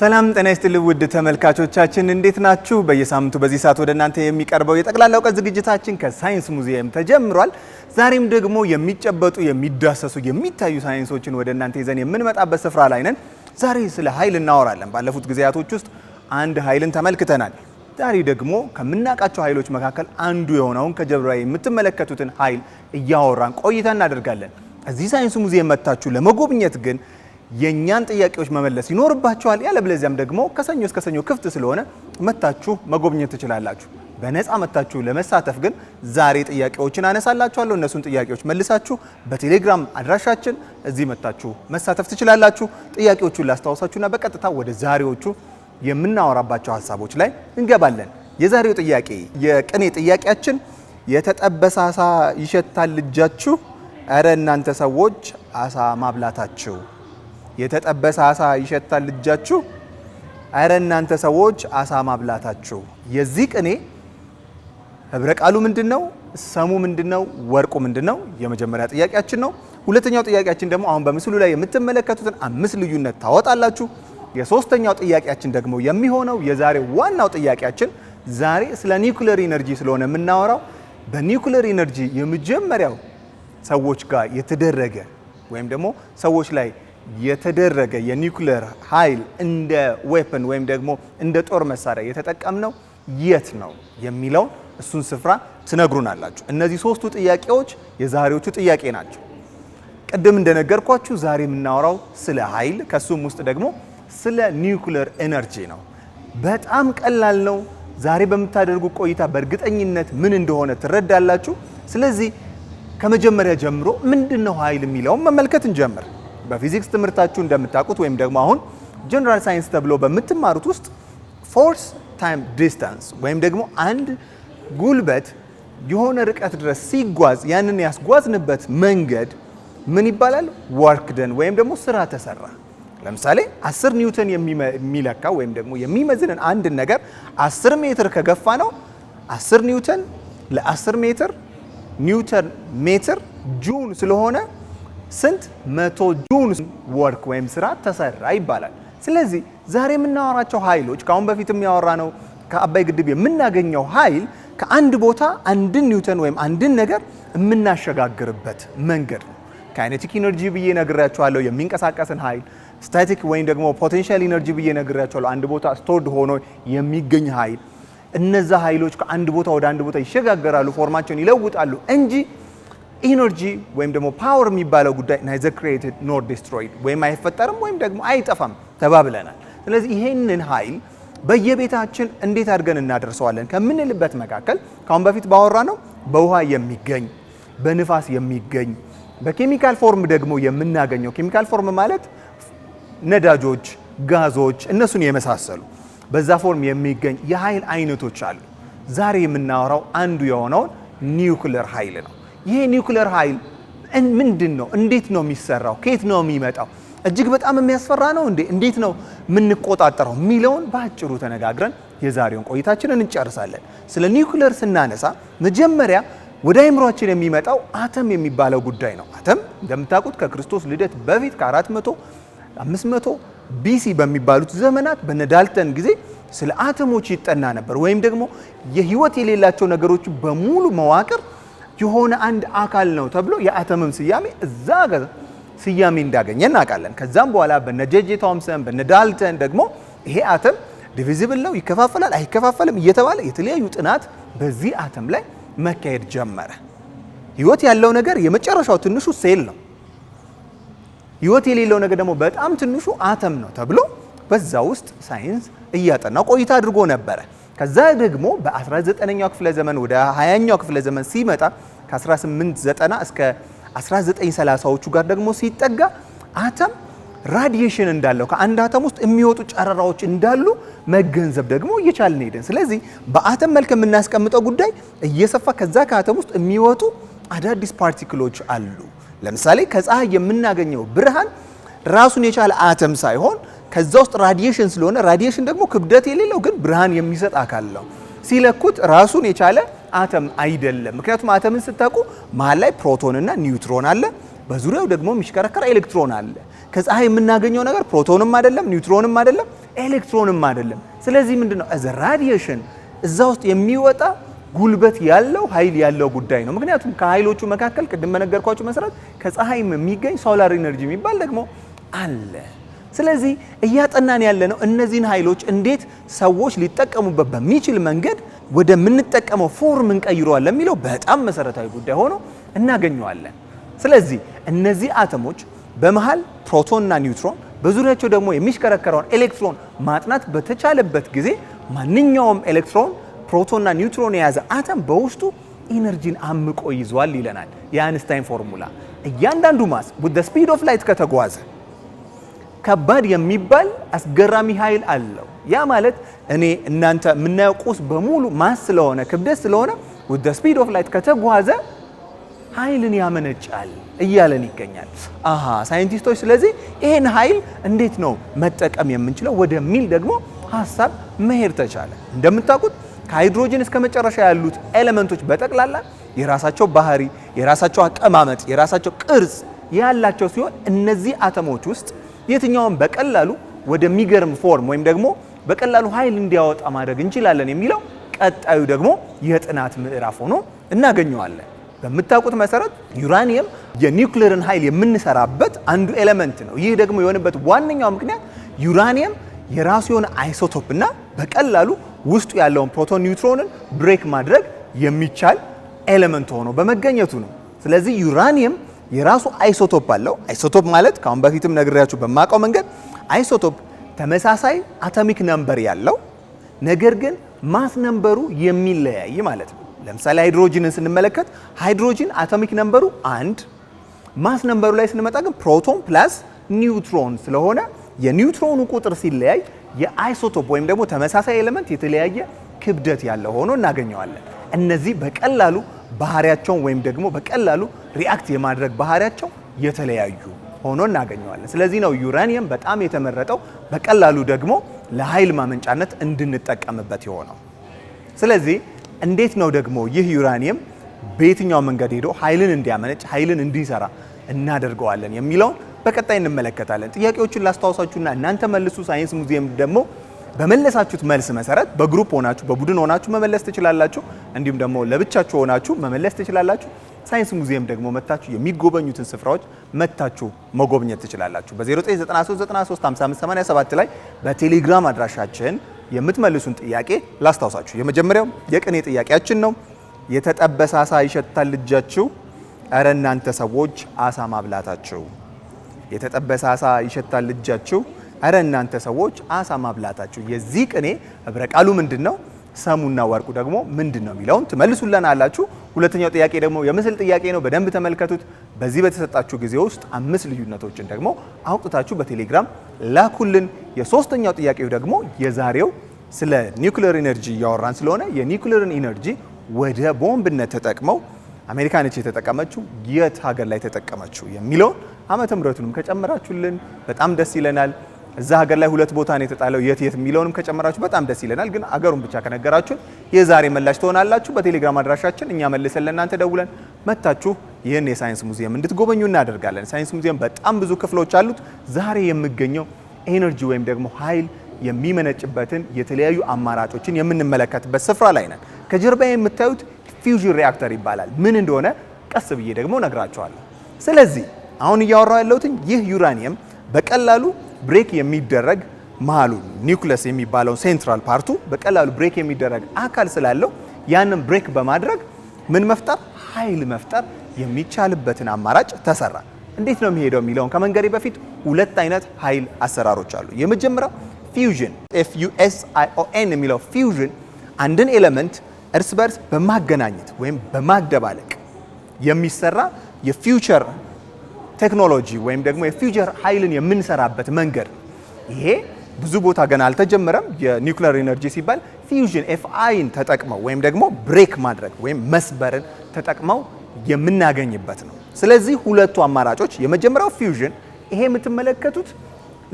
ሰላም ጤና ይስጥልኝ ውድ ተመልካቾቻችን እንዴት ናችሁ? በየሳምንቱ በዚህ ሰዓት ወደ እናንተ የሚቀርበው የጠቅላላ እውቀት ዝግጅታችን ከሳይንስ ሙዚየም ተጀምሯል። ዛሬም ደግሞ የሚጨበጡ፣ የሚዳሰሱ፣ የሚታዩ ሳይንሶችን ወደ እናንተ ይዘን የምንመጣበት ስፍራ ላይ ነን። ዛሬ ስለ ኃይል እናወራለን። ባለፉት ጊዜያቶች ውስጥ አንድ ኃይልን ተመልክተናል። ዛሬ ደግሞ ከምናውቃቸው ኃይሎች መካከል አንዱ የሆነውን ከጀርባ የምትመለከቱትን ኃይል እያወራን ቆይታ እናደርጋለን። እዚህ ሳይንስ ሙዚየም መጥታችሁ ለመጎብኘት ግን የእኛን ጥያቄዎች መመለስ ይኖርባችኋል። ያለብለዚያም ደግሞ ከሰኞ እስከ ሰኞ ክፍት ስለሆነ መታችሁ መጎብኘት ትችላላችሁ። በነፃ መታችሁ ለመሳተፍ ግን ዛሬ ጥያቄዎችን አነሳላችኋለሁ። እነሱን ጥያቄዎች መልሳችሁ በቴሌግራም አድራሻችን እዚህ መታችሁ መሳተፍ ትችላላችሁ። ጥያቄዎቹን ላስታወሳችሁና በቀጥታ ወደ ዛሬዎቹ የምናወራባቸው ሀሳቦች ላይ እንገባለን። የዛሬው ጥያቄ የቅኔ ጥያቄያችን የተጠበሰ አሳ ይሸታል እጃችሁ፣ እረ እናንተ ሰዎች አሳ ማብላታችሁ የተጠበሰ አሳ ይሸታል ልጃችሁ። አረ እናንተ ሰዎች አሳ ማብላታችሁ። የዚህ ቅኔ ህብረ ቃሉ ምንድን ነው? ሰሙ ምንድን ነው? ወርቁ ምንድን ነው? የመጀመሪያ ጥያቄያችን ነው። ሁለተኛው ጥያቄያችን ደግሞ አሁን በምስሉ ላይ የምትመለከቱትን አምስት ልዩነት ታወጣላችሁ። የሶስተኛው ጥያቄያችን ደግሞ የሚሆነው የዛሬ ዋናው ጥያቄያችን ዛሬ ስለ ኒውክሌር ኢነርጂ ስለሆነ የምናወራው በኒውክሌር ኢነርጂ የመጀመሪያው ሰዎች ጋር የተደረገ ወይም ደግሞ ሰዎች ላይ የተደረገ የኒውክሌር ኃይል እንደ ዌፐን ወይም ደግሞ እንደ ጦር መሳሪያ የተጠቀምነው የት ነው የሚለውን እሱን ስፍራ ትነግሩናላችሁ። እነዚህ ሶስቱ ጥያቄዎች የዛሬዎቹ ጥያቄ ናቸው። ቅድም እንደነገርኳችሁ ዛሬ የምናወራው ስለ ኃይል ከሱም ውስጥ ደግሞ ስለ ኒውክሌር ኤነርጂ ነው። በጣም ቀላል ነው። ዛሬ በምታደርጉ ቆይታ በእርግጠኝነት ምን እንደሆነ ትረዳላችሁ። ስለዚህ ከመጀመሪያ ጀምሮ ምንድን ነው ኃይል የሚለውን መመልከት እንጀምር። በፊዚክስ ትምህርታችሁ እንደምታውቁት ወይም ደግሞ አሁን ጀነራል ሳይንስ ተብሎ በምትማሩት ውስጥ ፎርስ ታይም ዲስታንስ ወይም ደግሞ አንድ ጉልበት የሆነ ርቀት ድረስ ሲጓዝ ያንን ያስጓዝንበት መንገድ ምን ይባላል? ወርክ ደን ወይም ደግሞ ስራ ተሰራ። ለምሳሌ 10 ኒውተን የሚለካ ወይም ደግሞ የሚመዝንን አንድን ነገር 10 ሜትር ከገፋ ነው 10 ኒውተን ለ10 ሜትር ኒውተን ሜትር ጁን ስለሆነ ስንት መቶ ጁን ወርክ ወይም ስራ ተሰራ ይባላል። ስለዚህ ዛሬ የምናወራቸው ኃይሎች ከአሁን በፊት የሚያወራ ነው ከአባይ ግድብ የምናገኘው ኃይል ከአንድ ቦታ አንድን ኒውተን ወይም አንድን ነገር የምናሸጋግርበት መንገድ ነው። ካይኔቲክ ኢነርጂ ብዬ ነግሬያቸዋለሁ፣ የሚንቀሳቀስን ኃይል ስታቲክ ወይም ደግሞ ፖቴንሻል ኢነርጂ ብዬ ነግሬያቸዋለሁ፣ አንድ ቦታ ስቶርድ ሆኖ የሚገኝ ኃይል። እነዛ ኃይሎች ከአንድ ቦታ ወደ አንድ ቦታ ይሸጋገራሉ፣ ፎርማቸውን ይለውጣሉ እንጂ ኢነርጂ ወይም ደግሞ ፓወር የሚባለው ጉዳይ ናይዘ ክሬትድ ኖር ዲስትሮይድ ወይም አይፈጠርም ወይም ደግሞ አይጠፋም ተባብለናል። ስለዚህ ይሄንን ኃይል በየቤታችን እንዴት አድርገን እናደርሰዋለን ከምንልበት መካከል ካሁን በፊት ባወራ ነው በውሃ የሚገኝ በንፋስ የሚገኝ በኬሚካል ፎርም ደግሞ የምናገኘው ኬሚካል ፎርም ማለት ነዳጆች፣ ጋዞች እነሱን የመሳሰሉ በዛ ፎርም የሚገኝ የኃይል አይነቶች አሉ። ዛሬ የምናወራው አንዱ የሆነውን ኒውክለር ኃይል ነው። ይሄ ኒውክሌር ኃይል ምንድን ነው? እንዴት ነው የሚሰራው? ከየት ነው የሚመጣው? እጅግ በጣም የሚያስፈራ ነው እንዴ? እንዴት ነው የምንቆጣጠረው የሚለውን በአጭሩ ተነጋግረን የዛሬውን ቆይታችንን እንጨርሳለን። ስለ ኒውክሌር ስናነሳ መጀመሪያ ወደ አይምሯችን የሚመጣው አተም የሚባለው ጉዳይ ነው። አተም እንደምታውቁት ከክርስቶስ ልደት በፊት ከ400 500 ቢሲ በሚባሉት ዘመናት በነዳልተን ጊዜ ስለ አተሞች ይጠና ነበር፣ ወይም ደግሞ የህይወት የሌላቸው ነገሮች በሙሉ መዋቅር የሆነ አንድ አካል ነው ተብሎ የአተምም ስያሜ እዛ ስያሜ እንዳገኘ እናውቃለን። ከዛም በኋላ በነ ጄጄ ቶምሰን በነ ዳልተን ደግሞ ይሄ አተም ዲቪዚብል ነው ይከፋፈላል አይከፋፈልም እየተባለ የተለያዩ ጥናት በዚህ አተም ላይ መካሄድ ጀመረ። ህይወት ያለው ነገር የመጨረሻው ትንሹ ሴል ነው። ህይወት የሌለው ነገር ደግሞ በጣም ትንሹ አተም ነው ተብሎ በዛ ውስጥ ሳይንስ እያጠናው ቆይታ አድርጎ ነበረ። ከዛ ደግሞ በ19ኛው ክፍለ ዘመን ወደ 20ኛው ክፍለ ዘመን ሲመጣ ከ1890 እስከ 1930ዎቹ ጋር ደግሞ ሲጠጋ አተም ራዲሽን እንዳለው ከአንድ አተም ውስጥ የሚወጡ ጨረራዎች እንዳሉ መገንዘብ ደግሞ እየቻልን ሄደን፣ ስለዚህ በአተም መልክ የምናስቀምጠው ጉዳይ እየሰፋ ከዛ ከአተም ውስጥ የሚወጡ አዳዲስ ፓርቲክሎች አሉ። ለምሳሌ ከፀሐይ የምናገኘው ብርሃን ራሱን የቻለ አተም ሳይሆን ከዛ ውስጥ ራዲየሽን ስለሆነ ራዲየሽን ደግሞ ክብደት የሌለው ግን ብርሃን የሚሰጥ አካል ነው። ሲለኩት ራሱን የቻለ አተም አይደለም። ምክንያቱም አተምን ስታውቁ መሀል ላይ ፕሮቶንና ኒውትሮን አለ፣ በዙሪያው ደግሞ የሚሽከረከር ኤሌክትሮን አለ። ከፀሐይ የምናገኘው ነገር ፕሮቶንም አይደለም፣ ኒውትሮንም አይደለም፣ ኤሌክትሮንም አይደለም። ስለዚህ ምንድን ነው ዘ እዛ ውስጥ የሚወጣ ጉልበት ያለው ኃይል ያለው ጉዳይ ነው። ምክንያቱም ከኃይሎቹ መካከል ቅድም በነገርኳችሁ መሰረት ከፀሐይም የሚገኝ ሶላር ኢነርጂ የሚባል ደግሞ አለ። ስለዚህ እያጠናን ያለነው እነዚህን ኃይሎች እንዴት ሰዎች ሊጠቀሙበት በሚችል መንገድ ወደምንጠቀመው ፎርም እንቀይረዋለን የሚለው በጣም መሰረታዊ ጉዳይ ሆኖ እናገኘዋለን። ስለዚህ እነዚህ አተሞች በመሃል ፕሮቶንና ኒውትሮን በዙሪያቸው ደግሞ የሚሽከረከረውን ኤሌክትሮን ማጥናት በተቻለበት ጊዜ ማንኛውም ኤሌክትሮን ፕሮቶንና ኒውትሮን የያዘ አተም በውስጡ ኢነርጂን አምቆ ይዟል ይለናል የአንስታይን ፎርሙላ። እያንዳንዱ ማስ ስፒድ ኦፍ ላይት ከተጓዘ ከባድ የሚባል አስገራሚ ኃይል አለው። ያ ማለት እኔ እናንተ የምናየው ቁስ በሙሉ ማስ ስለሆነ ክብደት ስለሆነ ዊዝ ስፒድ ኦፍ ላይት ከተጓዘ ኃይልን ያመነጫል እያለን ይገኛል። አ ሳይንቲስቶች ስለዚህ ይህን ኃይል እንዴት ነው መጠቀም የምንችለው ወደሚል ደግሞ ሀሳብ መሄድ ተቻለ። እንደምታውቁት ከሃይድሮጅን እስከ መጨረሻ ያሉት ኤሌመንቶች በጠቅላላ የራሳቸው ባህሪ፣ የራሳቸው አቀማመጥ፣ የራሳቸው ቅርጽ ያላቸው ሲሆን እነዚህ አተሞች ውስጥ የትኛውን በቀላሉ ወደሚገርም ፎርም ወይም ደግሞ በቀላሉ ኃይል እንዲያወጣ ማድረግ እንችላለን የሚለው ቀጣዩ ደግሞ የጥናት ምዕራፍ ሆኖ እናገኘዋለን። በምታውቁት መሰረት ዩራኒየም የኒውክሌርን ኃይል የምንሰራበት አንዱ ኤሌመንት ነው። ይህ ደግሞ የሆነበት ዋነኛው ምክንያት ዩራኒየም የራሱ የሆነ አይሶቶፕ እና በቀላሉ ውስጡ ያለውን ፕሮቶን ኒውትሮንን ብሬክ ማድረግ የሚቻል ኤሌመንት ሆኖ በመገኘቱ ነው። ስለዚህ ዩራኒየም የራሱ አይሶቶፕ አለው። አይሶቶፕ ማለት ከአሁን በፊትም ነግሬያችሁ በማውቀው መንገድ አይሶቶፕ ተመሳሳይ አቶሚክ ነምበር ያለው ነገር ግን ማስ ነምበሩ የሚለያይ ማለት ነው። ለምሳሌ ሃይድሮጂንን ስንመለከት ሃይድሮጂን አቶሚክ ነምበሩ አንድ፣ ማስ ነምበሩ ላይ ስንመጣ ግን ፕሮቶን ፕላስ ኒውትሮን ስለሆነ የኒውትሮኑ ቁጥር ሲለያይ የአይሶቶፕ ወይም ደግሞ ተመሳሳይ ኤሌመንት የተለያየ ክብደት ያለው ሆኖ እናገኘዋለን። እነዚህ በቀላሉ ባህሪያቸውን ወይም ደግሞ በቀላሉ ሪአክት የማድረግ ባህሪያቸው የተለያዩ ሆኖ እናገኘዋለን። ስለዚህ ነው ዩራኒየም በጣም የተመረጠው በቀላሉ ደግሞ ለኃይል ማመንጫነት እንድንጠቀምበት የሆነው። ስለዚህ እንዴት ነው ደግሞ ይህ ዩራኒየም በየትኛው መንገድ ሄዶ ኃይልን እንዲያመነጭ ኃይልን እንዲሰራ እናደርገዋለን የሚለውን በቀጣይ እንመለከታለን። ጥያቄዎቹን ላስታውሳችሁና እናንተ መልሱ። ሳይንስ ሙዚየም ደግሞ በመለሳችሁት መልስ መሰረት በግሩፕ ሆናችሁ በቡድን ሆናችሁ መመለስ ትችላላችሁ። እንዲሁም ደግሞ ለብቻችሁ ሆናችሁ መመለስ ትችላላችሁ። ሳይንስ ሙዚየም ደግሞ መታችሁ የሚጎበኙትን ስፍራዎች መታችሁ መጎብኘት ትችላላችሁ። 5587 ላይ በቴሌግራም አድራሻችን የምትመልሱን ጥያቄ ላስታውሳችሁ። የመጀመሪያው የቅኔ ጥያቄያችን ነው። የተጠበሰ አሳ ይሸታል እጃችሁ፣ እረ እናንተ ሰዎች አሳ ማብላታችሁ። የተጠበሰ አሳ ይሸታል እጃችሁ አረ እናንተ ሰዎች አሳ ማብላታችሁ የዚህ ቅኔ ህብረ ቃሉ ምንድን ነው? ሰሙና ወርቁ ደግሞ ምንድን ነው የሚለውን ትመልሱልን አላችሁ። ሁለተኛው ጥያቄ ደግሞ የምስል ጥያቄ ነው። በደንብ ተመልከቱት። በዚህ በተሰጣችሁ ጊዜ ውስጥ አምስት ልዩነቶችን ደግሞ አውጥታችሁ በቴሌግራም ላኩልን። የሶስተኛው ጥያቄው ደግሞ የዛሬው ስለ ኒውክሌር ኢነርጂ እያወራን ስለሆነ የኒውክሌርን ኢነርጂ ወደ ቦምብነት ተጠቅመው አሜሪካ ነች የተጠቀመችው፣ የት ሀገር ላይ ተጠቀመችው የሚለውን ዓመተ ምሕረቱንም ከጨመራችሁልን በጣም ደስ ይለናል። እዛ ሀገር ላይ ሁለት ቦታ ነው የተጣለው፣ የት የት የሚለውንም ከጨመራችሁ በጣም ደስ ይለናል። ግን አገሩን ብቻ ከነገራችሁን የዛሬ መላሽ ትሆናላችሁ። በቴሌግራም አድራሻችን እኛ መልሰን ለእናንተ ደውለን መታችሁ ይህን የሳይንስ ሙዚየም እንድትጎበኙ እናደርጋለን። ሳይንስ ሙዚየም በጣም ብዙ ክፍሎች አሉት። ዛሬ የምገኘው ኤነርጂ ወይም ደግሞ ኃይል የሚመነጭበትን የተለያዩ አማራጮችን የምንመለከትበት ስፍራ ላይ ነን። ከጀርባ የምታዩት ፊውዥን ሪያክተር ይባላል። ምን እንደሆነ ቀስ ብዬ ደግሞ ነግራችኋለሁ። ስለዚህ አሁን እያወራው ያለሁትን ይህ ዩራኒየም በቀላሉ ብሬክ የሚደረግ መሀሉን ኒውክለስ የሚባለውን ሴንትራል ፓርቱ በቀላሉ ብሬክ የሚደረግ አካል ስላለው ያንን ብሬክ በማድረግ ምን መፍጠር ኃይል መፍጠር የሚቻልበትን አማራጭ ተሰራ። እንዴት ነው የሚሄደው የሚለውን ከመንገዴ በፊት ሁለት አይነት ኃይል አሰራሮች አሉ። የመጀመሪያው ፊውዥን ኤፍ ዩ ኤስ አይ ኦ ኤን የሚለው ፊውዥን አንድን ኤሌመንት እርስ በርስ በማገናኘት ወይም በማደባለቅ የሚሰራ የፊውቸር ቴክኖሎጂ ወይም ደግሞ የፊውቸር ኃይልን የምንሰራበት መንገድ ይሄ ብዙ ቦታ ገና አልተጀመረም። የኒውክሌር ኢነርጂ ሲባል ፊውዥን ኤፍአይን ተጠቅመው ወይም ደግሞ ብሬክ ማድረግ ወይም መስበርን ተጠቅመው የምናገኝበት ነው። ስለዚህ ሁለቱ አማራጮች የመጀመሪያው ፊውዥን፣ ይሄ የምትመለከቱት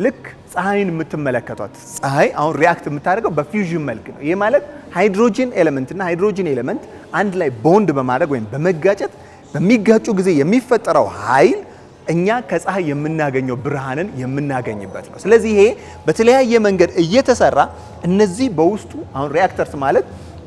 ልክ ፀሐይን የምትመለከቷት ፀሐይ አሁን ሪያክት የምታደርገው በፊውዥን መልክ ነው። ይህ ማለት ሃይድሮጂን ኤሌመንትና ሃይድሮጂን ኤሌመንት አንድ ላይ ቦንድ በማድረግ ወይም በመጋጨት በሚጋጩ ጊዜ የሚፈጠረው ኃይል እኛ ከፀሐይ የምናገኘው ብርሃንን የምናገኝበት ነው። ስለዚህ ይሄ በተለያየ መንገድ እየተሰራ እነዚህ በውስጡ አሁን ሪያክተርስ ማለት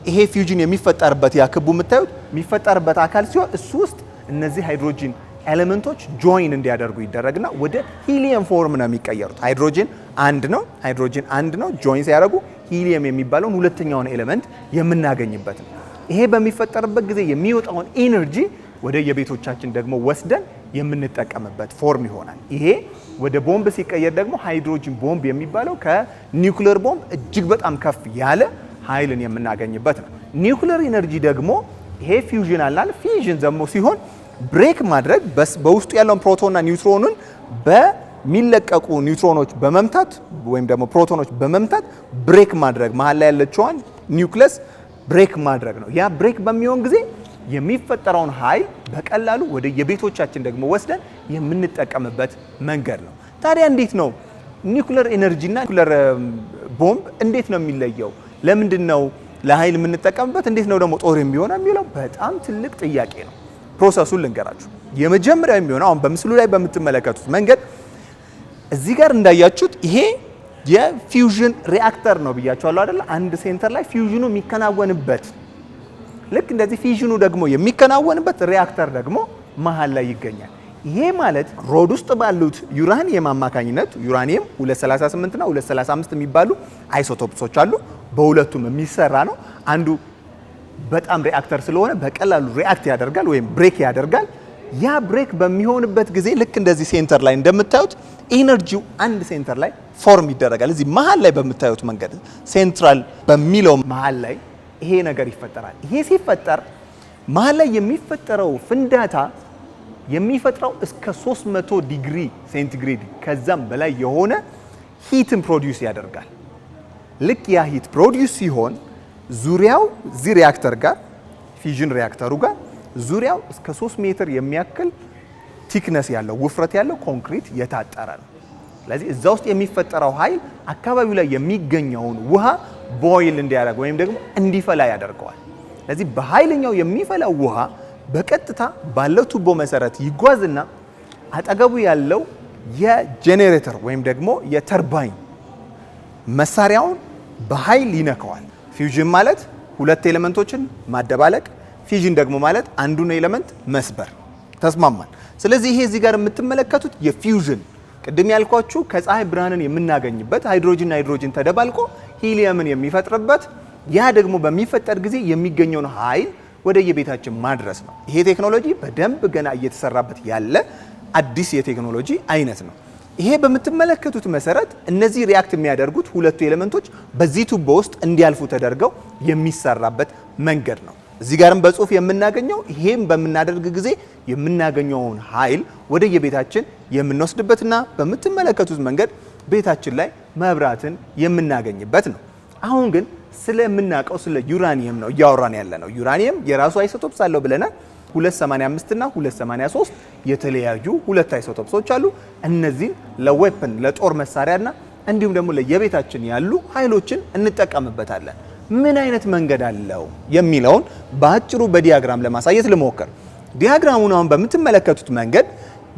ይሄ ፊውጅን የሚፈጠርበት ያ ክቡ የምታዩት የሚፈጠርበት አካል ሲሆን እሱ ውስጥ እነዚህ ሃይድሮጂን ኤሌመንቶች ጆይን እንዲያደርጉ ይደረግና ወደ ሂሊየም ፎርም ነው የሚቀየሩት። ሃይድሮጂን አንድ ነው፣ ሃይድሮጂን አንድ ነው። ጆይን ሲያደርጉ ሂሊየም የሚባለውን ሁለተኛውን ኤሌመንት የምናገኝበት ነው። ይሄ በሚፈጠርበት ጊዜ የሚወጣውን ኢነርጂ ወደ የቤቶቻችን ደግሞ ወስደን የምንጠቀምበት ፎርም ይሆናል። ይሄ ወደ ቦምብ ሲቀየር ደግሞ ሃይድሮጂን ቦምብ የሚባለው ከኒውክሌር ቦምብ እጅግ በጣም ከፍ ያለ ኃይልን የምናገኝበት ነው። ኒውክሌር ኢነርጂ ደግሞ ይሄ ፊውዥን አላል ፊዥን ደግሞ ሲሆን ብሬክ ማድረግ በውስጡ ያለውን ፕሮቶንና ኒውትሮኑን በሚለቀቁ ኒውትሮኖች በመምታት ወይም ደግሞ ፕሮቶኖች በመምታት ብሬክ ማድረግ መሀል ላይ ያለችዋን ኒውክለስ ብሬክ ማድረግ ነው። ያ ብሬክ በሚሆን ጊዜ የሚፈጠረውን ኃይል በቀላሉ ወደ የቤቶቻችን ደግሞ ወስደን የምንጠቀምበት መንገድ ነው። ታዲያ እንዴት ነው ኒኩለር ኤነርጂና ኒኩለር ቦምብ እንዴት ነው የሚለየው? ለምንድን ነው ለኃይል የምንጠቀምበት? እንዴት ነው ደግሞ ጦር የሚሆነው የሚለው በጣም ትልቅ ጥያቄ ነው። ፕሮሰሱን ልንገራችሁ። የመጀመሪያ የሚሆነው አሁን በምስሉ ላይ በምትመለከቱት መንገድ እዚህ ጋር እንዳያችሁት ይሄ የፊውዥን ሪአክተር ነው ብያችኋለሁ አይደለ? አንድ ሴንተር ላይ ፊውዥኑ የሚከናወንበት ልክ እንደዚህ ፊዥኑ ደግሞ የሚከናወንበት ሪያክተር ደግሞ መሀል ላይ ይገኛል። ይሄ ማለት ሮድ ውስጥ ባሉት ዩራኒየም አማካኝነት ዩራኒየም 238 እና 235 የሚባሉ አይሶቶፕሶች አሉ። በሁለቱም የሚሰራ ነው። አንዱ በጣም ሪአክተር ስለሆነ በቀላሉ ሪአክት ያደርጋል ወይም ብሬክ ያደርጋል። ያ ብሬክ በሚሆንበት ጊዜ ልክ እንደዚህ ሴንተር ላይ እንደምታዩት ኢነርጂው አንድ ሴንተር ላይ ፎርም ይደረጋል። እዚህ መሀል ላይ በምታዩት መንገድ ሴንትራል በሚለው መሀል ላይ ይሄ ነገር ይፈጠራል። ይሄ ሲፈጠር መሀል ላይ የሚፈጠረው ፍንዳታ የሚፈጥረው እስከ 300 ዲግሪ ሴንቲግሬድ ከዛም በላይ የሆነ ሂትን ፕሮዲውስ ያደርጋል። ልክ ያ ሂት ፕሮዲውስ ሲሆን ዙሪያው እዚህ ሪያክተር ጋር ፊዥን ሪያክተሩ ጋር ዙሪያው እስከ 3 ሜትር የሚያክል ቲክነስ ያለው ውፍረት ያለው ኮንክሪት የታጠረ ነው። ስለዚህ እዛ ውስጥ የሚፈጠረው ኃይል አካባቢው ላይ የሚገኘውን ውሃ ቦይል እንዲያደርግ ወይም ደግሞ እንዲፈላ ያደርገዋል። ስለዚህ በኃይለኛው የሚፈላው ውሃ በቀጥታ ባለው ቱቦ መሰረት ይጓዝና አጠገቡ ያለው የጄኔሬተር ወይም ደግሞ የተርባይን መሳሪያውን በኃይል ይነከዋል። ፊውዥን ማለት ሁለት ኤሌመንቶችን ማደባለቅ፣ ፊዥን ደግሞ ማለት አንዱን ኤሌመንት መስበር። ተስማማል። ስለዚህ ይሄ እዚህ ጋር የምትመለከቱት የፊውዥን ቅድም ያልኳችሁ ከፀሐይ ብርሃንን የምናገኝበት ሃይድሮጅንና ሃይድሮጅን ተደባልቆ ሂሊየምን የሚፈጥርበት ያ ደግሞ በሚፈጠር ጊዜ የሚገኘውን ኃይል ወደ የቤታችን ማድረስ ነው። ይሄ ቴክኖሎጂ በደንብ ገና እየተሰራበት ያለ አዲስ የቴክኖሎጂ አይነት ነው። ይሄ በምትመለከቱት መሰረት እነዚህ ሪያክት የሚያደርጉት ሁለቱ ኤሌመንቶች በዚህ ቱቦ ውስጥ እንዲያልፉ ተደርገው የሚሰራበት መንገድ ነው። እዚህ ጋርም በጽሁፍ የምናገኘው ይሄም በምናደርግ ጊዜ የምናገኘውን ኃይል ወደ የቤታችን የምንወስድበትና በምትመለከቱት መንገድ ቤታችን ላይ መብራትን የምናገኝበት ነው። አሁን ግን ስለምናውቀው ስለ ዩራኒየም ነው እያወራን ያለ ነው። ዩራኒየም የራሱ አይሶቶፕስ አለው ብለናል። 285 እና 283 የተለያዩ ሁለት አይሶቶፕሶች አሉ። እነዚህን ለዌፕን ለጦር መሳሪያና እንዲሁም ደግሞ ለየቤታችን ያሉ ኃይሎችን እንጠቀምበታለን። ምን አይነት መንገድ አለው የሚለውን በአጭሩ በዲያግራም ለማሳየት ልሞክር። ዲያግራሙን አሁን በምትመለከቱት መንገድ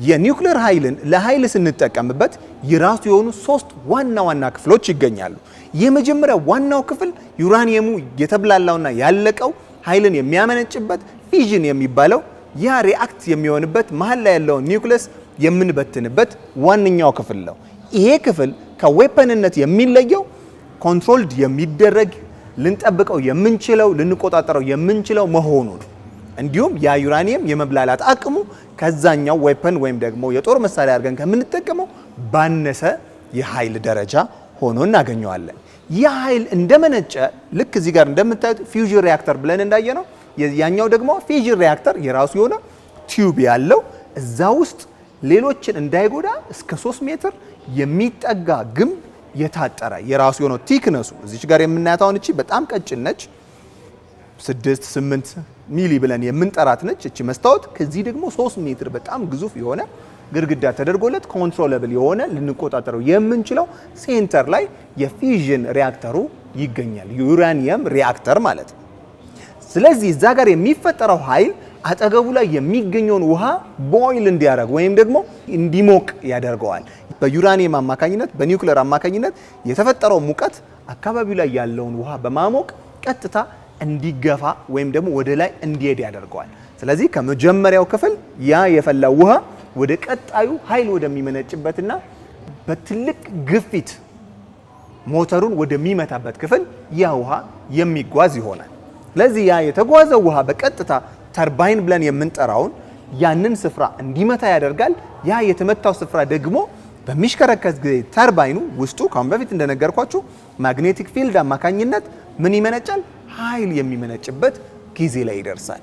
የኒውክሌር ኃይልን ለኃይል ስንጠቀምበት የራሱ የሆኑ ሶስት ዋና ዋና ክፍሎች ይገኛሉ። የመጀመሪያው ዋናው ክፍል ዩራኒየሙ የተብላላውና ያለቀው ኃይልን የሚያመነጭበት ፊዥን የሚባለው ያ ሪአክት የሚሆንበት መሀል ላይ ያለውን ኒውክሌስ የምንበትንበት ዋነኛው ክፍል ነው። ይሄ ክፍል ከዌፐንነት የሚለየው ኮንትሮልድ የሚደረግ ልንጠብቀው የምንችለው ልንቆጣጠረው የምንችለው መሆኑ ነው። እንዲሁም ያ ዩራኒየም የመብላላት አቅሙ ከዛኛው ዌፐን ወይም ደግሞ የጦር መሳሪያ አድርገን ከምንጠቀመው ባነሰ የኃይል ደረጃ ሆኖ እናገኘዋለን። ያ ኃይል እንደመነጨ ልክ እዚህ ጋር እንደምታዩት ፊውዥን ሪያክተር ብለን እንዳየ ነው። ያኛው ደግሞ ፊውዥን ሪያክተር የራሱ የሆነ ቲዩብ ያለው እዛ ውስጥ ሌሎችን እንዳይጎዳ እስከ 3 ሜትር የሚጠጋ ግንብ የታጠረ የራሱ የሆነው ቲክነሱ እዚች ጋር የምናያት አሁን እቺ በጣም ቀጭን ነች። ስድስት ስምንት ሚሊ ብለን የምንጠራት ነች እቺ መስታወት። ከዚህ ደግሞ ሶስት ሜትር በጣም ግዙፍ የሆነ ግድግዳ ተደርጎለት ኮንትሮለብል የሆነ ልንቆጣጠረው የምንችለው ሴንተር ላይ የፊዥን ሪያክተሩ ይገኛል። ዩራኒየም ሪያክተር ማለት ነው። ስለዚህ እዛ ጋር የሚፈጠረው ኃይል አጠገቡ ላይ የሚገኘውን ውሃ ቦይል እንዲያደርግ ወይም ደግሞ እንዲሞቅ ያደርገዋል። በዩራኒየም አማካኝነት በኒውክሌር አማካኝነት የተፈጠረው ሙቀት አካባቢው ላይ ያለውን ውሃ በማሞቅ ቀጥታ እንዲገፋ ወይም ደግሞ ወደ ላይ እንዲሄድ ያደርገዋል። ስለዚህ ከመጀመሪያው ክፍል ያ የፈላው ውሃ ወደ ቀጣዩ ኃይል ወደሚመነጭበትና በትልቅ ግፊት ሞተሩን ወደሚመታበት ክፍል ያ ውሃ የሚጓዝ ይሆናል። ስለዚህ ያ የተጓዘው ውሃ በቀጥታ ተርባይን ብለን የምንጠራውን ያንን ስፍራ እንዲመታ ያደርጋል። ያ የተመታው ስፍራ ደግሞ በሚሽከረከስ ጊዜ ተርባይኑ ውስጡ ካሁን በፊት እንደነገርኳችሁ ማግኔቲክ ፊልድ አማካኝነት ምን ይመነጫል? ኃይል የሚመነጭበት ጊዜ ላይ ይደርሳል።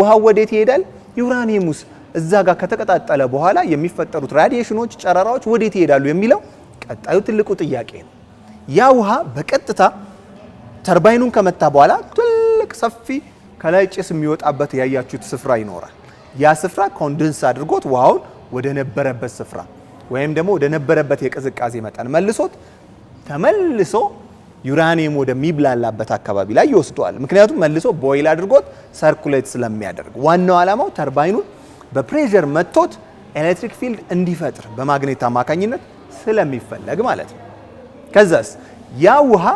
ውሃው ወዴት ይሄዳል? ዩራኒየሙስ ውስጥ እዛ ጋር ከተቀጣጠለ በኋላ የሚፈጠሩት ራዲዬሽኖች፣ ጨረራዎች ወዴት ይሄዳሉ የሚለው ቀጣዩ ትልቁ ጥያቄ ነው። ያ ውሃ በቀጥታ ተርባይኑን ከመታ በኋላ ትልቅ ሰፊ ከላይ ጭስ የሚወጣበት ያያችሁት ስፍራ ይኖራል። ያ ስፍራ ኮንደንስ አድርጎት ውሃውን ወደ ነበረበት ስፍራ ወይም ደግሞ ወደ ነበረበት የቅዝቃዜ መጠን መልሶት ተመልሶ ዩራኒየም ወደሚብላላበት አካባቢ ላይ ይወስደዋል። ምክንያቱም መልሶ ቦይል አድርጎት ሰርኩሌት ስለሚያደርግ ዋናው ዓላማው ተርባይኑን በፕሬዠር መጥቶት ኤሌክትሪክ ፊልድ እንዲፈጥር በማግኔት አማካኝነት ስለሚፈለግ ማለት ነው። ከዛስ ያ ውሃ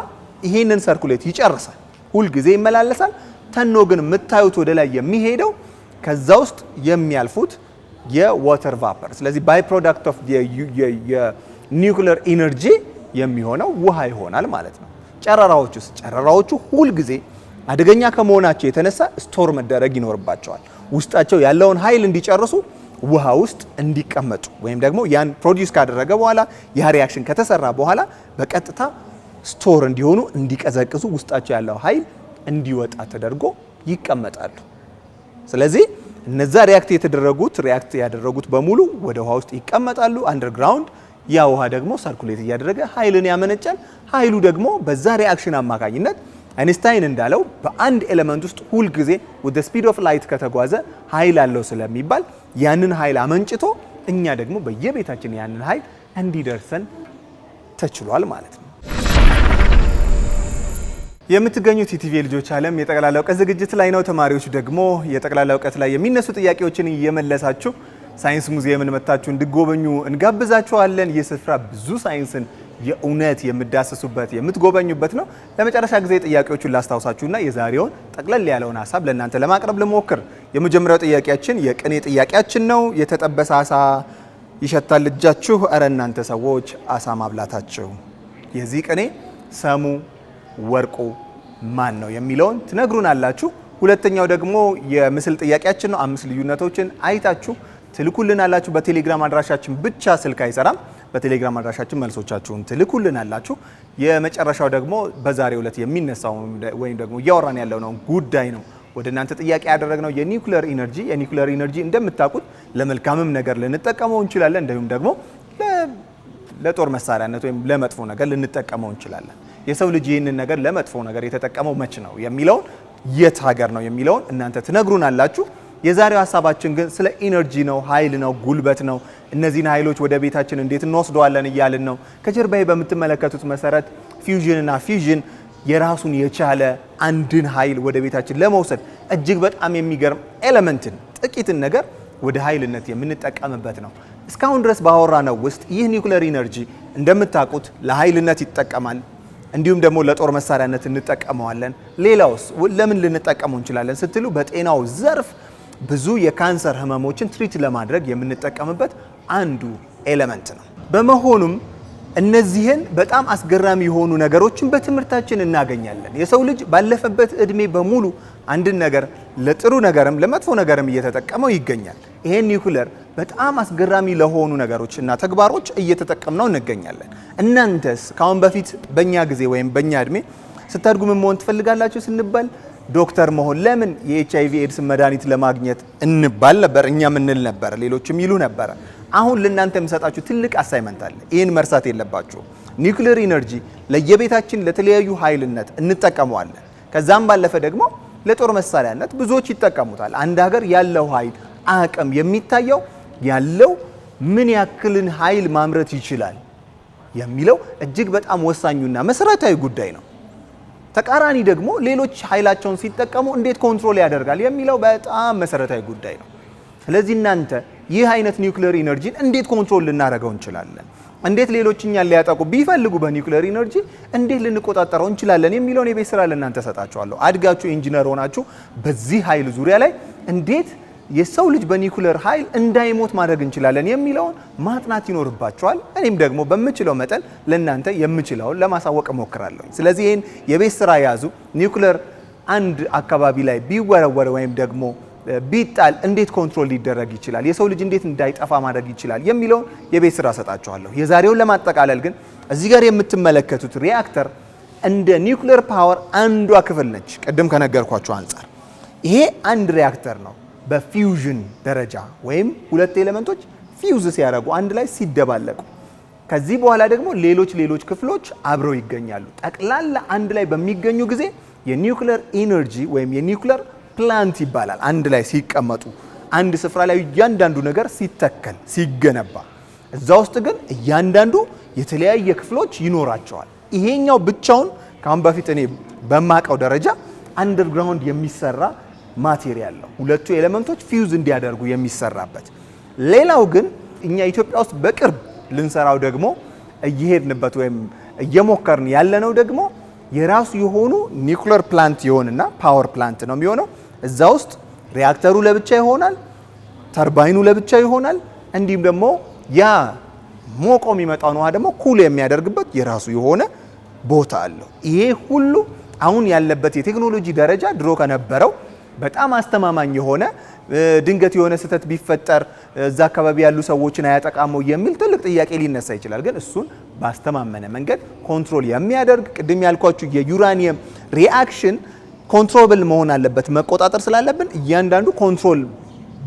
ይሄንን ሰርኩሌት ይጨርሳል። ሁልጊዜ ይመላለሳል። ተኖ ግን የምታዩት ወደ ላይ የሚሄደው ከዛ ውስጥ የሚያልፉት የዋተር ቫፐር፣ ስለዚህ ባይ ፕሮዳክት ኦፍ የኒውክሊየር ኢነርጂ የሚሆነው ውሃ ይሆናል ማለት ነው። ጨረራዎች ውስጥ ጨረራዎቹ ሁልጊዜ አደገኛ ከመሆናቸው የተነሳ ስቶር መደረግ ይኖርባቸዋል። ውስጣቸው ያለውን ኃይል እንዲጨርሱ ውሃ ውስጥ እንዲቀመጡ ወይም ደግሞ ያን ፕሮዲውስ ካደረገ በኋላ ያ ሪያክሽን ከተሰራ በኋላ በቀጥታ ስቶር እንዲሆኑ እንዲቀዘቅዙ ውስጣቸው ያለው ኃይል እንዲወጣ ተደርጎ ይቀመጣሉ። ስለዚህ እነዛ ሪያክት የተደረጉት ሪያክት ያደረጉት በሙሉ ወደ ውሃ ውስጥ ይቀመጣሉ አንደርግራውንድ። ያ ውሃ ደግሞ ሰርኩሌት እያደረገ ኃይልን ያመነጫል። ኃይሉ ደግሞ በዛ ሪያክሽን አማካኝነት አይንስታይን እንዳለው በአንድ ኤሌመንት ውስጥ ሁል ጊዜ ወደ ስፒድ ኦፍ ላይት ከተጓዘ ኃይል አለው ስለሚባል ያንን ኃይል አመንጭቶ እኛ ደግሞ በየቤታችን ያንን ኃይል እንዲደርሰን ተችሏል ማለት ነው። የምትገኙት ኢቲቪ ልጆች ዓለም የጠቅላላ እውቀት ዝግጅት ላይ ነው። ተማሪዎች ደግሞ የጠቅላላ እውቀት ላይ የሚነሱ ጥያቄዎችን እየመለሳችሁ ሳይንስ ሙዚየምን መታችሁ እንዲጎበኙ እንጋብዛችኋለን። ይህ ስፍራ ብዙ ሳይንስን የእውነት የምዳሰሱበት የምትጎበኙበት ነው። ለመጨረሻ ጊዜ ጥያቄዎቹን ላስታውሳችሁና የዛሬውን ጠቅለል ያለውን ሀሳብ ለእናንተ ለማቅረብ ልሞክር። የመጀመሪያው ጥያቄያችን የቅኔ ጥያቄያችን ነው። የተጠበሰ አሳ ይሸታል እጃችሁ። እረ እናንተ ሰዎች አሳ ማብላታችሁ። የዚህ ቅኔ ሰሙ ወርቁ ማን ነው የሚለውን ትነግሩናላችሁ። ሁለተኛው ደግሞ የምስል ጥያቄያችን ነው። አምስት ልዩነቶችን አይታችሁ ትልኩልናላችሁ። በቴሌግራም አድራሻችን ብቻ ስልክ አይሰራም። በቴሌግራም አድራሻችን መልሶቻችሁን ትልኩልናላችሁ። የመጨረሻው ደግሞ በዛሬው ዕለት የሚነሳው ወይም ደግሞ እያወራን ያለው ነው ጉዳይ ነው ወደ እናንተ ጥያቄ ያደረግነው የኒውክለር ኢነርጂ። የኒውክለር ኢነርጂ እንደምታውቁት ለመልካምም ነገር ልንጠቀመው እንችላለን፣ እንዲሁም ደግሞ ለጦር መሳሪያነት ወይም ለመጥፎ ነገር ልንጠቀመው እንችላለን። የሰው ልጅ ይህንን ነገር ለመጥፎ ነገር የተጠቀመው መች ነው የሚለውን የት ሀገር ነው የሚለውን እናንተ ትነግሩናላችሁ። የዛሬው ሀሳባችን ግን ስለ ኢነርጂ ነው፣ ኃይል ነው፣ ጉልበት ነው። እነዚህን ኃይሎች ወደ ቤታችን እንዴት እንወስደዋለን እያልን ነው። ከጀርባዬ በምትመለከቱት መሰረት ፊውዥንና ፊዥን የራሱን የቻለ አንድን ኃይል ወደ ቤታችን ለመውሰድ እጅግ በጣም የሚገርም ኤለመንትን ጥቂትን ነገር ወደ ኃይልነት የምንጠቀምበት ነው። እስካሁን ድረስ ባወራነው ውስጥ ይህ ኒውክለር ኢነርጂ እንደምታውቁት ለኃይልነት ይጠቀማል። እንዲሁም ደግሞ ለጦር መሳሪያነት እንጠቀመዋለን። ሌላውስ ለምን ልንጠቀመው እንችላለን ስትሉ በጤናው ዘርፍ ብዙ የካንሰር ህመሞችን ትሪት ለማድረግ የምንጠቀምበት አንዱ ኤሌመንት ነው። በመሆኑም እነዚህን በጣም አስገራሚ የሆኑ ነገሮችን በትምህርታችን እናገኛለን። የሰው ልጅ ባለፈበት እድሜ በሙሉ አንድን ነገር ለጥሩ ነገርም ለመጥፎ ነገርም እየተጠቀመው ይገኛል። ይሄ ኒውክለር በጣም አስገራሚ ለሆኑ ነገሮች እና ተግባሮች እየተጠቀምነው እንገኛለን። እናንተስ ከአሁን በፊት በእኛ ጊዜ ወይም በእኛ እድሜ ስታድጉ ምን መሆን ትፈልጋላችሁ ስንባል ዶክተር መሆን ለምን የኤች አይቪ ኤድስ መድኃኒት ለማግኘት እንባል ነበር። እኛ ምንል ነበር፣ ሌሎችም ይሉ ነበረ። አሁን ለእናንተ የምሰጣችሁ ትልቅ አሳይመንት አለ። ይህን መርሳት የለባችሁ። ኒውክሌር ኢነርጂ ለየቤታችን ለተለያዩ ኃይልነት እንጠቀመዋለን። ከዛም ባለፈ ደግሞ ለጦር መሳሪያነት ብዙዎች ይጠቀሙታል። አንድ ሀገር ያለው ኃይል አቅም የሚታየው ያለው ምን ያክልን ኃይል ማምረት ይችላል የሚለው እጅግ በጣም ወሳኙና መሰረታዊ ጉዳይ ነው። ተቃራኒ ደግሞ ሌሎች ኃይላቸውን ሲጠቀሙ እንዴት ኮንትሮል ያደርጋል የሚለው በጣም መሰረታዊ ጉዳይ ነው። ስለዚህ እናንተ ይህ አይነት ኒውክሌር ኢነርጂን እንዴት ኮንትሮል ልናደርገው እንችላለን? እንዴት ሌሎች እኛን ሊያጠቁ ቢፈልጉ በኒውክሌር ኢነርጂ እንዴት ልንቆጣጠረው እንችላለን የሚለውን የቤት ስራ ለእናንተ ሰጣችኋለሁ። አድጋችሁ ኢንጂነር ሆናችሁ በዚህ ኃይል ዙሪያ ላይ እንዴት የሰው ልጅ በኒውክሌር ኃይል እንዳይሞት ማድረግ እንችላለን የሚለውን ማጥናት ይኖርባቸዋል። እኔም ደግሞ በምችለው መጠን ለእናንተ የምችለውን ለማሳወቅ እሞክራለሁ። ስለዚህ ይህን የቤት ስራ ያዙ። ኒውክሌር አንድ አካባቢ ላይ ቢወረወር ወይም ደግሞ ቢጣል እንዴት ኮንትሮል ሊደረግ ይችላል፣ የሰው ልጅ እንዴት እንዳይጠፋ ማድረግ ይችላል የሚለውን የቤት ስራ ሰጣችኋለሁ። የዛሬውን ለማጠቃለል ግን እዚህ ጋር የምትመለከቱት ሪያክተር እንደ ኒውክሌር ፓወር አንዷ ክፍል ነች። ቅድም ከነገርኳችሁ አንጻር ይሄ አንድ ሪያክተር ነው። በፊውዥን ደረጃ ወይም ሁለት ኤሌመንቶች ፊውዝ ሲያደርጉ አንድ ላይ ሲደባለቁ፣ ከዚህ በኋላ ደግሞ ሌሎች ሌሎች ክፍሎች አብረው ይገኛሉ። ጠቅላላ አንድ ላይ በሚገኙ ጊዜ የኒውክሌር ኢነርጂ ወይም የኒውክሌር ፕላንት ይባላል። አንድ ላይ ሲቀመጡ አንድ ስፍራ ላይ እያንዳንዱ ነገር ሲተከል ሲገነባ፣ እዛ ውስጥ ግን እያንዳንዱ የተለያየ ክፍሎች ይኖራቸዋል። ይሄኛው ብቻውን ከአሁን በፊት እኔ በማቀው ደረጃ አንደርግራውንድ የሚሰራ ማቴሪያል ነው። ሁለቱ ኤሌመንቶች ፊውዝ እንዲያደርጉ የሚሰራበት። ሌላው ግን እኛ ኢትዮጵያ ውስጥ በቅርብ ልንሰራው ደግሞ እየሄድንበት ወይም እየሞከርን ያለነው ደግሞ የራሱ የሆኑ ኒውክለር ፕላንት የሆንና ፓወር ፕላንት ነው የሚሆነው እዛ ውስጥ ሪያክተሩ ለብቻ ይሆናል፣ ተርባይኑ ለብቻ ይሆናል። እንዲሁም ደግሞ ያ ሞቆ የሚመጣውን ውሃ ደግሞ ኩል የሚያደርግበት የራሱ የሆነ ቦታ አለው። ይሄ ሁሉ አሁን ያለበት የቴክኖሎጂ ደረጃ ድሮ ከነበረው በጣም አስተማማኝ የሆነ ድንገት የሆነ ስህተት ቢፈጠር እዛ አካባቢ ያሉ ሰዎችን አያጠቃመው የሚል ትልቅ ጥያቄ ሊነሳ ይችላል። ግን እሱን ባስተማመነ መንገድ ኮንትሮል የሚያደርግ ቅድም ያልኳችሁ የዩራኒየም ሪአክሽን ኮንትሮል መሆን አለበት። መቆጣጠር ስላለብን እያንዳንዱ ኮንትሮል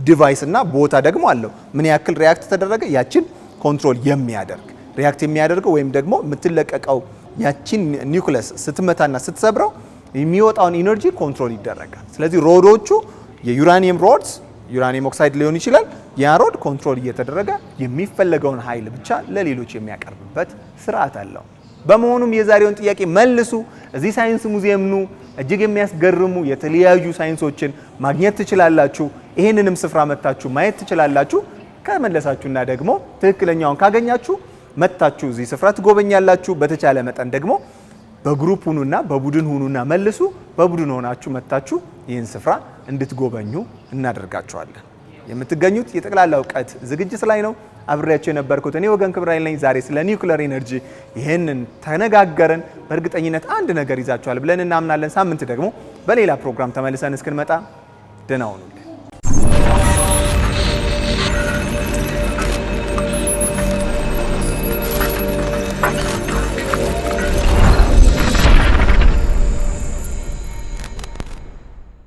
ዲቫይስ እና ቦታ ደግሞ አለው። ምን ያክል ሪያክት ተደረገ ያችን ኮንትሮል የሚያደርግ ሪያክት የሚያደርገው ወይም ደግሞ የምትለቀቀው ያችን ኒውክለስ ስትመታና ስትሰብረው የሚወጣውን ኢነርጂ ኮንትሮል ይደረጋል። ስለዚህ ሮዶቹ የዩራኒየም ሮድስ ዩራኒየም ኦክሳይድ ሊሆን ይችላል። ያ ሮድ ኮንትሮል እየተደረገ የሚፈለገውን ኃይል ብቻ ለሌሎች የሚያቀርብበት ስርዓት አለው። በመሆኑም የዛሬውን ጥያቄ መልሱ። እዚህ ሳይንስ ሙዚየም ኑ። እጅግ የሚያስገርሙ የተለያዩ ሳይንሶችን ማግኘት ትችላላችሁ። ይህንንም ስፍራ መታችሁ ማየት ትችላላችሁ። ከመለሳችሁና ደግሞ ትክክለኛውን ካገኛችሁ መታችሁ እዚህ ስፍራ ትጎበኛላችሁ። በተቻለ መጠን ደግሞ በግሩፕ ሁኑና በቡድን ሁኑና መልሱ። በቡድን ሆናችሁ መታችሁ ይህን ስፍራ እንድትጎበኙ እናደርጋችኋለን። የምትገኙት የጠቅላላ እውቀት ዝግጅት ላይ ነው። አብሬያቸው የነበርኩት እኔ ወገን ክብራይል ነኝ። ዛሬ ስለ ኒውክለር ኤነርጂ ይህንን ተነጋገርን። በእርግጠኝነት አንድ ነገር ይዛችኋል ብለን እናምናለን። ሳምንት ደግሞ በሌላ ፕሮግራም ተመልሰን እስክንመጣ ደህና ሁኑልን።